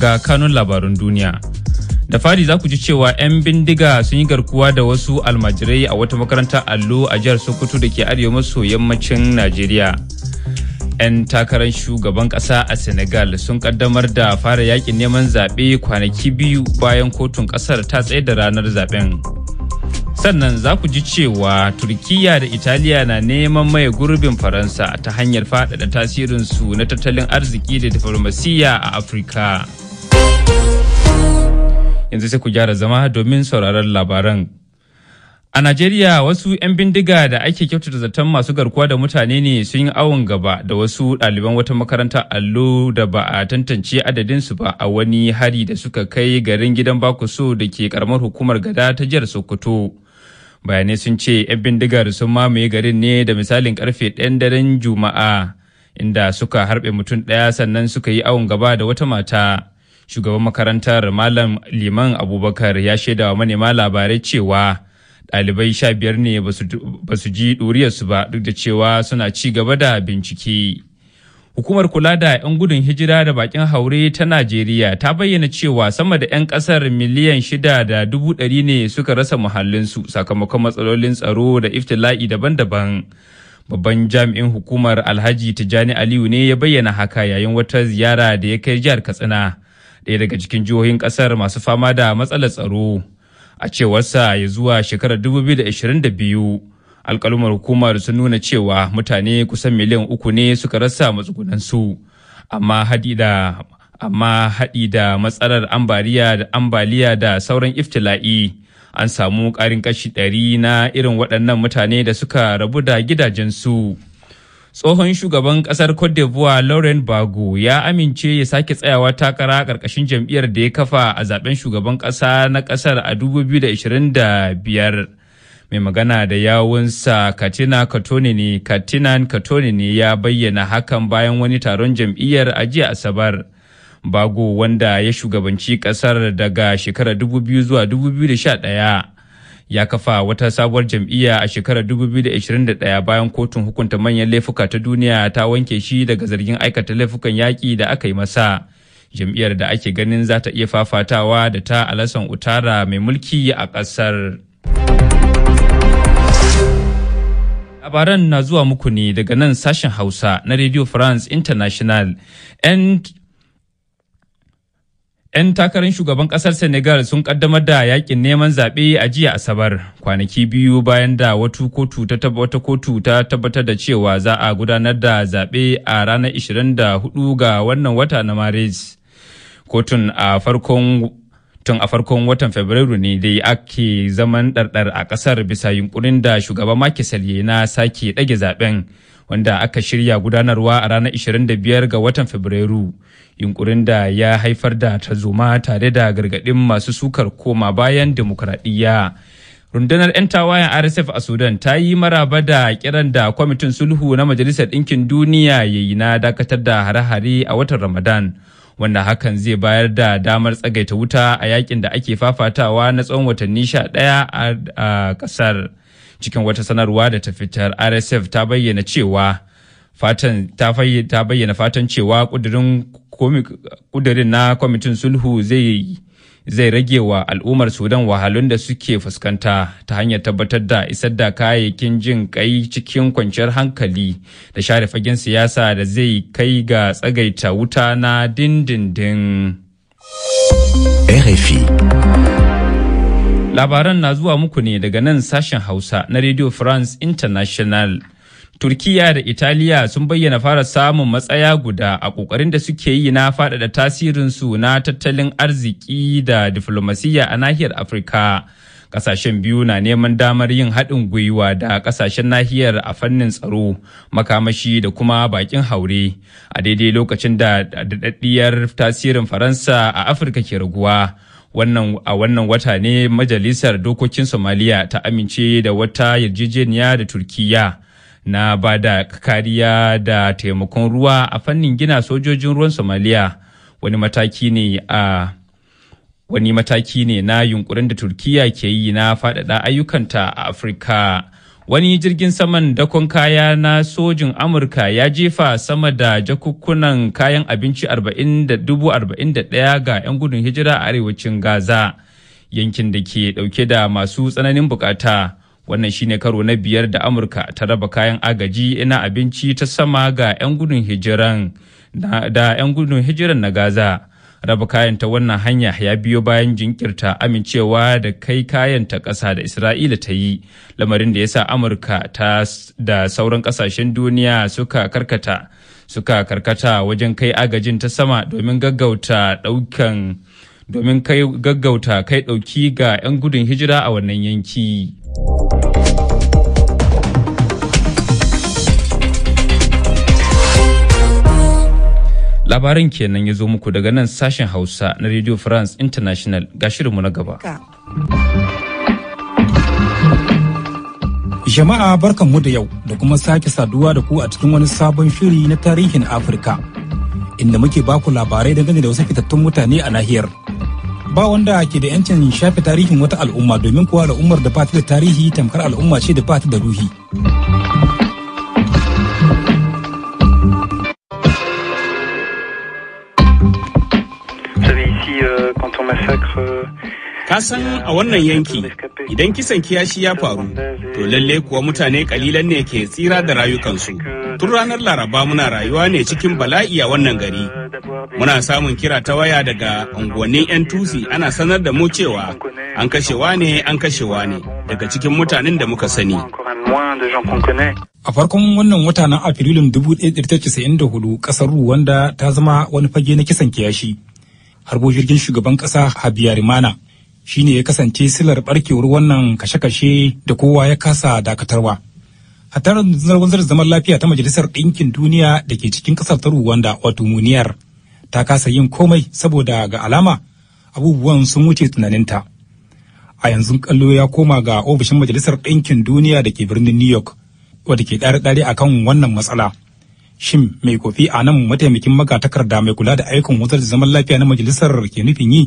ga kanun labarun duniya. Da fari za ku ji cewa 'yan bindiga sun yi garkuwa da wasu almajirai a wata makarantar allo a jihar Sokoto da ke arewa maso yammacin Najeriya. 'Yan takarar shugaban ƙasa a Senegal sun kaddamar da fara yakin neman zaɓe kwanaki biyu bayan kotun ƙasar ta tsaye da ranar zaɓen. sannan za ku ji cewa Turkiyya da italiya na neman maye gurbin faransa ta hanyar faɗaɗa tasirinsu na tattalin arziki da diflomasiyya a afirka. yanzu sai ku gyara zama domin sauraron labaran. A Najeriya wasu 'yan bindiga da ake kyautata zaton masu garkuwa da mutane ne sun yi awon gaba da wasu ɗaliban wata makaranta allo da ba a tantance adadinsu ba a wani hari da suka kai garin gidan Bakuso da ke karamar hukumar gada ta jihar Sokoto. Bayanai sun ce 'yan bindigar sun mamaye garin ne da misalin karfe ɗayan daren Juma'a inda suka harbe mutum ɗaya sannan suka yi awon gaba da wata mata. shugaban makarantar malam liman abubakar ya shaida wa manema labarai cewa ɗalibai sha biyar ne ba su ji su ba duk da cewa suna ci gaba da bincike hukumar kula da 'yan gudun hijira da bakin haure ta najeriya ta bayyana cewa sama da 'yan kasar miliyan shida da dubu ɗari ne suka rasa muhallinsu sakamakon matsalolin tsaro da iftila'i daban-daban babban jami'in hukumar alhaji tijjani aliyu ne ya bayyana haka yayin wata ziyara da ya kai jihar katsina ɗaya daga cikin jihohin ƙasar masu fama da matsalar tsaro a cewarsa ya zuwa shekarar 2022 alkalumar hukumar sun nuna cewa mutane kusan miliyan uku ne suka rasa matsugunansu amma haɗi da amma haɗi da matsalar ambaliya da ambaliya da sauran iftila'i an samu ƙarin kashi ɗari na irin waɗannan mutane da suka rabu da gidajensu. tsohon shugaban kasar cote d'ivoire laurent bago ya amince ya sake tsayawa takara karkashin jam'iyyar da ya kafa a zaben shugaban kasa na kasar a 2025 mai magana da yawunsa katina katone ne katinan katone ne ya bayyana hakan bayan wani taron jam'iyyar a jiya asabar bago wanda ya shugabanci kasar daga shekarar 2000 zuwa 2011 ya kafa wata sabuwar jam'iyya a shekarar 2021 bayan kotun hukunta manyan laifuka ta duniya ta wanke shi daga zargin aikata laifukan yaƙi da aka yi masa jam'iyyar da ake ganin za ta iya fafatawa da ta alasan utara mai mulki a ƙasar labaran na zuwa muku ne daga nan sashen hausa na radio france international 'yan 'Yan takarar shugaban ƙasar Senegal sun ƙaddamar da yakin neman zaɓe a jiya Asabar, kwanaki biyu bayan da wata kotu ta tabbatar da cewa za a gudanar da zaɓe a ranar 24 ga wannan wata na Maris. Kotun a farkon tun a farkon watan Fabrairu ne dai ake zaman ɗarɗar a ƙasar bisa yunkurin da shugaban Makisal na sake ɗage zaɓen. wanda aka shirya gudanarwa a ranar 25 ga watan Fabrairu, yunkurin da ya haifar da tarzoma tare da gargaɗin masu sukar koma bayan demokuraɗiyya. rundunar 'yan tawayen rsf a sudan ta yi maraba da kiran da kwamitin sulhu na majalisar ɗinkin duniya ya yi na dakatar da hare-hare a watan ramadan wanda hakan zai bayar da damar tsagaita wuta a yakin da ake fafatawa na tsawon watanni sha ɗaya a ƙasar. cikin wata sanarwa da ta fitar rsf ta bayyana cewa fatan ta bayyana fatan cewa kudirin na kwamitin sulhu zai zai rage wa al'ummar sudan wahalun da suke fuskanta ta hanyar tabbatar da isar da kayayyakin jin kai cikin kwanciyar hankali da share fagen siyasa da zai kai ga tsagaita wuta na dindindin rfi Labaran na zuwa muku ne daga nan sashen Hausa na Radio France International. Turkiya da Italiya sun bayyana fara samun matsaya guda a ƙoƙarin da suke yi na faɗaɗa tasirinsu na tattalin arziki da diflomasiyya a nahiyar Afirka. Ƙasashen biyu na neman damar yin haɗin gwiwa da ƙasashen nahiyar a fannin tsaro, makamashi da kuma baƙin haure, a daidai lokacin da daɗaɗɗiyar tasirin Faransa a Afirka ke raguwa. wannan a wannan wata ne majalisar dokokin somaliya ta amince da wata yarjejeniya da turkiya na ba da kariya da taimakon ruwa a fannin gina sojojin ruwan somaliya wani mataki ne a wani mataki ne na yunkurin da turkiya ke yi na faɗaɗa ayyukanta a afirka wani jirgin saman dakon kaya na sojin amurka ya jefa sama da jakukkunan kayan abinci 41,000 ga 'yan gudun hijira a arewacin gaza yankin da ke dauke da masu tsananin bukata wannan shine karo na biyar da amurka ta raba kayan agaji ina abinci ta sama ga da 'yan gudun hijiran na gaza raba kayanta ta wannan hanya ya biyo bayan jinkirta amincewa da kai kayanta ƙasa da isra'ila ta yi lamarin da ya sa amurka ta da sauran ƙasashen duniya suka karkata suka karkata wajen kai agajin ta sama domin gaggauta ɗaukan domin kai gaggauta kai ɗauki ga 'yan gudun hijira a wannan yanki. labarin kenan ya zo muku daga nan sashen hausa na radio france international ga shirinmu na gaba jama'a barkan mu da yau da kuma sake saduwa da ku a cikin wani sabon shiri na tarihin afirka inda muke baku labarai dangane da wasu fitattun mutane a nahiyar ba wanda ke da yancin shafe tarihin wata al'umma domin kuwa al'ummar da ba ta da tarihi tamkar al'umma ce da ba ta da ruhi Eh, Ka san a wannan yanki idan kisan kiyashi ya faru to lalle kuwa mutane kalilan ne ke tsira da rayukansu. Tun ranar Laraba muna rayuwa ne cikin bala'i a wannan gari. Muna samun kira ta waya daga unguwannin 'yan tusi ana sanar da mu cewa an kashewa ne an kashe wane daga cikin mutanen da muka sani. A farkon wannan wata na Afrilun 1994 kasar Ruwanda ta zama wani fage na kisan kiyashi. harbo jirgin shugaban kasa habiyarimana shine ya kasance silar barkewar wannan kashe-kashe da kowa ya kasa dakatarwa. Hatar wanzar zaman lafiya ta Majalisar Ɗinkin Duniya da ke cikin ƙasar ta Ruwanda wato Muniyar ta kasa yin komai saboda ga alama abubuwan sun wuce tunaninta. A yanzu kallo ya koma ga ofishin Majalisar Ɗinkin Duniya da ke birnin New York wadda ke ɗare-ɗare akan wannan matsala. shin mai kofi a nan mataimakin magatakarda mai kula da aikin wutar da zaman lafiya na majalisar ke nufin yi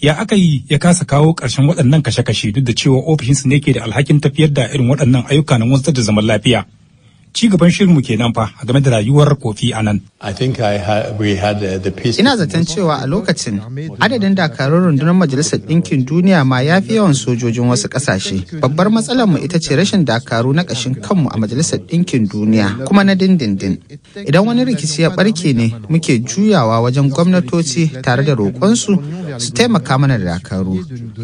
ya aka yi ya kasa kawo ƙarshen waɗannan kashe-kashe duk da cewa ofishinsu ne ke da alhakin tafiyar da irin waɗannan ayyuka na wutar da zaman lafiya ci gaban shirinmu kenan fa a game da rayuwar kofi a nan. Ina zaton cewa a lokacin adadin dakarun rundunar majalisar ɗinkin duniya ma ya fi yawan sojojin wasu ƙasashe. Babbar matsalar mu ita ce rashin dakaru na ƙashin kanmu a majalisar ɗinkin duniya kuma na dindindin. Idan wani rikici ya ɓarke ne muke juyawa wajen gwamnatoci tare da roƙonsu su taimaka mana da dakaru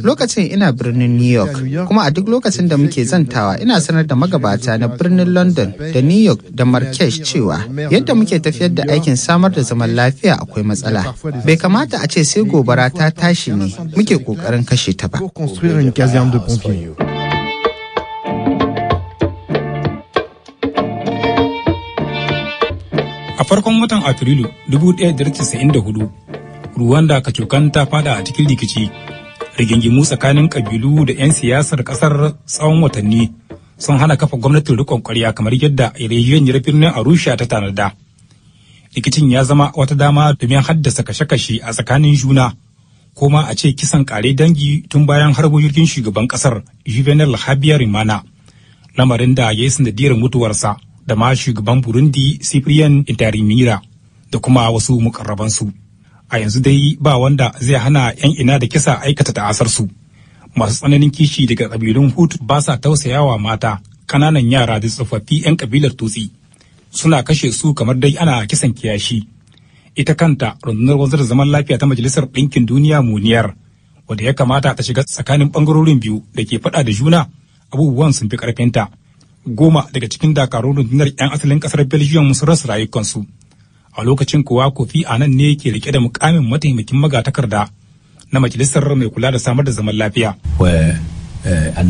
lokacin ina birnin new york kuma a duk lokacin da muke zantawa ina sanar da magabata na birnin london da new york da marrakesh cewa yadda muke tafiyar da aikin samar da zaman lafiya akwai matsala bai kamata a ce sai gobara ta tashi ne muke kokarin kashe ta ba a farkon watan afrilu 1994 ruwan kacokan ta fada a cikin rikici. Rigingimu tsakanin kabilu da 'yan siyasar kasar tsawon watanni sun hana kafa gwamnatin rikon kwarya kamar yadda yarjejeniyar birnin Arusha ta tanada. Rikicin ya zama wata dama domin haddasa kashe-kashe a tsakanin juna. ma a ce kisan kare dangi tun bayan harbo jirgin shugaban kasar Juvenal Habiyar Rimana. Lamarin da ya yi sanadiyar mutuwarsa da ma shugaban Burundi cyprian Intarimira da kuma wasu mukarrabansu. a yanzu dai ba wanda zai hana 'yan ina da kisa aikata ta'asarsu masu tsananin kishi daga ƙabilun hutu ba sa tausayawa mata ƙananan yara da tsofaffi 'yan ƙabilar tutsi suna kashe su kamar dai ana kisan kiyashi ita kanta rundunar wanzar zaman lafiya ta majalisar ɗinkin duniya muniyar wadda ya kamata ta shiga tsakanin ɓangarorin biyu da ke faɗa da juna abubuwan sun fi ƙarfinta goma daga cikin dakarun rundunar 'yan asalin ƙasar belgium sun rasa rayukansu a lokacin kuwa kofi a nan ne ke rike da mukamin mataimakin magatakarda na majalisar mai kula da samar da zaman lafiya. Uh, an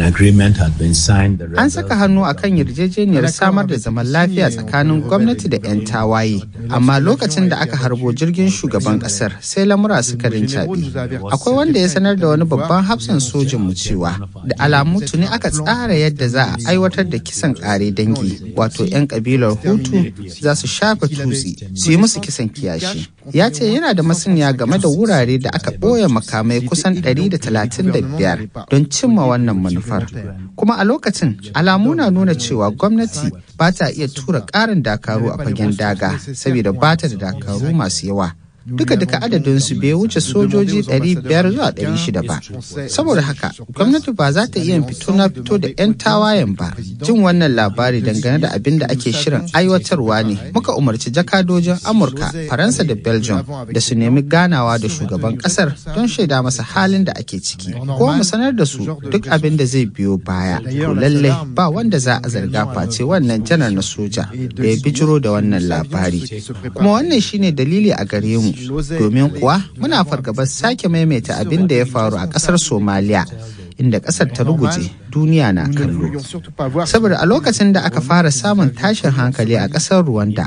saka hannu a kan yarjejeniyar samar da zaman lafiya tsakanin gwamnati da 'yan tawaye, amma lokacin da aka harbo jirgin shugaban kasar sai lamura suka rincaɓe. Akwai wanda ya sanar da wani babban hafsan sojin mu cewa da alamu tuni aka tsara yadda za a aiwatar da kisan ƙare dangi, wato 'yan ƙabilar Hutu za su shafa tutsi su yi musu kisan kiyashi. ya ce yana da masaniya game da wurare da aka ɓoye makamai kusan 135 don cimma wannan manufar. Kuma a lokacin alamu na nuna cewa gwamnati ba ta iya tura ƙarin dakaru a fagen daga saboda ba ta da dakaru masu yawa. duka duka adadin su bai wuce sojoji 500 zuwa 600 ba saboda haka gwamnati ba za ta iya fito na fito da 'yan tawayen ba jin wannan labari dangane da abin da ake shirin aiwatarwa ne muka umarci jakadojin amurka faransa da belgium da su nemi ganawa da shugaban kasar don shaida masa halin da ake ciki ko mu sanar da su duk abin da zai biyo baya ko lallai ba wanda za a zarga face wannan janar na soja da ya bijiro da wannan labari kuma wannan shine dalili a gare mu domin kuwa muna fargabar sake maimaita abin da ya faru a ƙasar somaliya inda ƙasar ta ruguje duniya na kallo. Saboda a lokacin da aka fara samun tashin hankali a ƙasar Rwanda,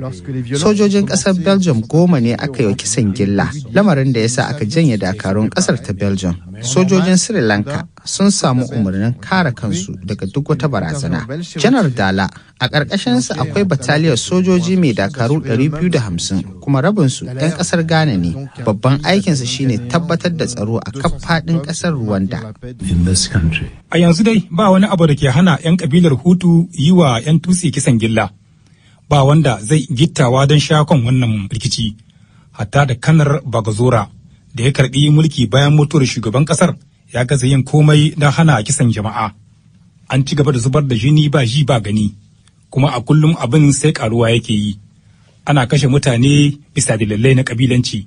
sojojin ƙasar Belgium goma ne aka yi kisan gilla, lamarin da ya sa aka janye dakarun ƙasar ta Belgium. Sojojin Sri Lanka sun samu umarnin kare kansu daga duk wata barazana. Janar Dala a ƙarƙashinsa akwai bataliyar sojoji mai dakaru 250 kuma rabinsu 'yan ƙasar Ghana ne. Babban aikinsa shine tabbatar da tsaro a kan faɗin ƙasar Rwanda. A yanzu dai ba wani abu da ke hana 'yan kabilar Hutu yi wa 'yan tutsi kisan gilla. Ba wanda zai gittawa don shakon wannan rikici. Hatta da kanar Bagazora da ya karɓi mulki bayan mutuwar shugaban ƙasar ya gaza yin komai don hana kisan jama'a an ci gaba da zubar da jini ba ji ba gani kuma a kullum abin sai karuwa yake yi ana kashe mutane bisa dalilai na kabilanci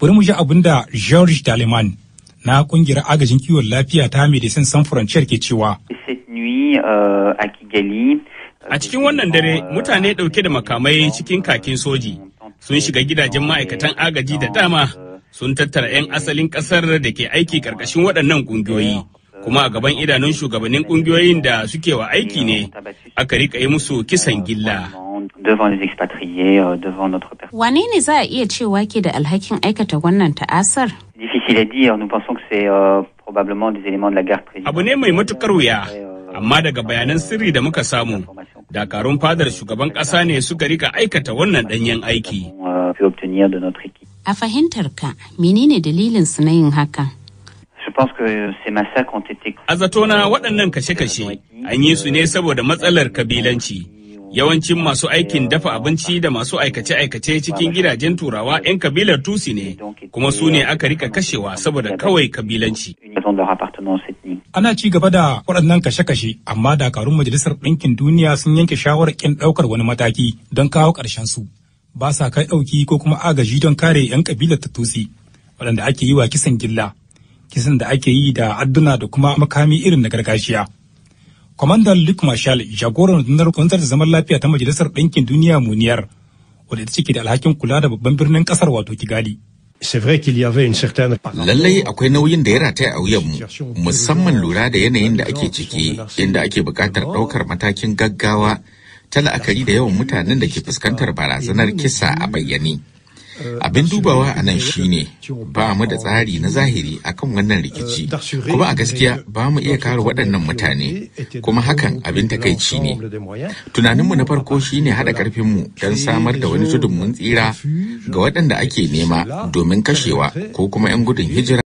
bari mu ji abin da george daleman na kungiyar agajin kiwon lafiya ta medecin san frontier ke cewa euh, euh, a cikin wannan dare mutane dauke da makamai cikin kakin soji sun shiga gidajen ma'aikatan agaji da dama sun tattara 'yan asalin ƙasar da ke aiki karkashin waɗannan ƙungiyoyi kuma a gaban idanun shugabannin ƙungiyoyin da suke wa aiki ne aka rika yi musu kisan gilla. Euh, Wane ne za a iya cewa ke da alhakin aikata wannan ta'asar? Euh, Abu ne mai matukar wuya, amma daga bayanan sirri da muka samu, dakarun fadar shugaban ƙasa ne suka rika aikata wannan ɗanyen aiki. A fahimtar ka, menene dalilin su na yin hakan? A zatona waɗannan kashe-kashe an yi su ne saboda matsalar kabilanci. Yawancin masu aikin dafa abinci da masu aikace-aikace cikin gidajen turawa 'yan kabilar Tusi ne, kuma su ne aka rika kashewa saboda kawai kabilanci. Ana ci gaba da waɗannan kashe-kashe, amma dakarun Majalisar Ɗinkin Duniya sun yanke shawarar ƙin ɗaukar wani mataki don kawo ƙarshen su. ba sa kai ɗauki ko kuma agaji don kare 'yan kabilar ta tusi waɗanda ake yi wa kisan gilla kisan da ake yi da adduna da kuma makami irin na gargajiya. Kwamandan Luke Marshall jagoran rundunar kwanzar da zaman lafiya ta Majalisar Ɗinkin Duniya muniyar wadda ta cike da alhakin kula da babban birnin ƙasar wato Kigali. Lallai akwai nauyin da ya rataya a wuyan mu musamman lura da yanayin da ake ciki inda ake buƙatar ɗaukar matakin gaggawa ta la'akari da yawan mutanen da ke fuskantar barazanar kisa a bayyane. Abin dubawa a nan shine ba mu da tsari na zahiri akan wannan rikici, kuma a gaskiya ba mu iya kare waɗannan mutane, kuma hakan abin takaici ne. Tunaninmu na farko shine haɗa ƙarfinmu don samar da wani tudun mun tsira ga waɗanda ake nema domin kashewa ko kuma 'yan gudun hijira.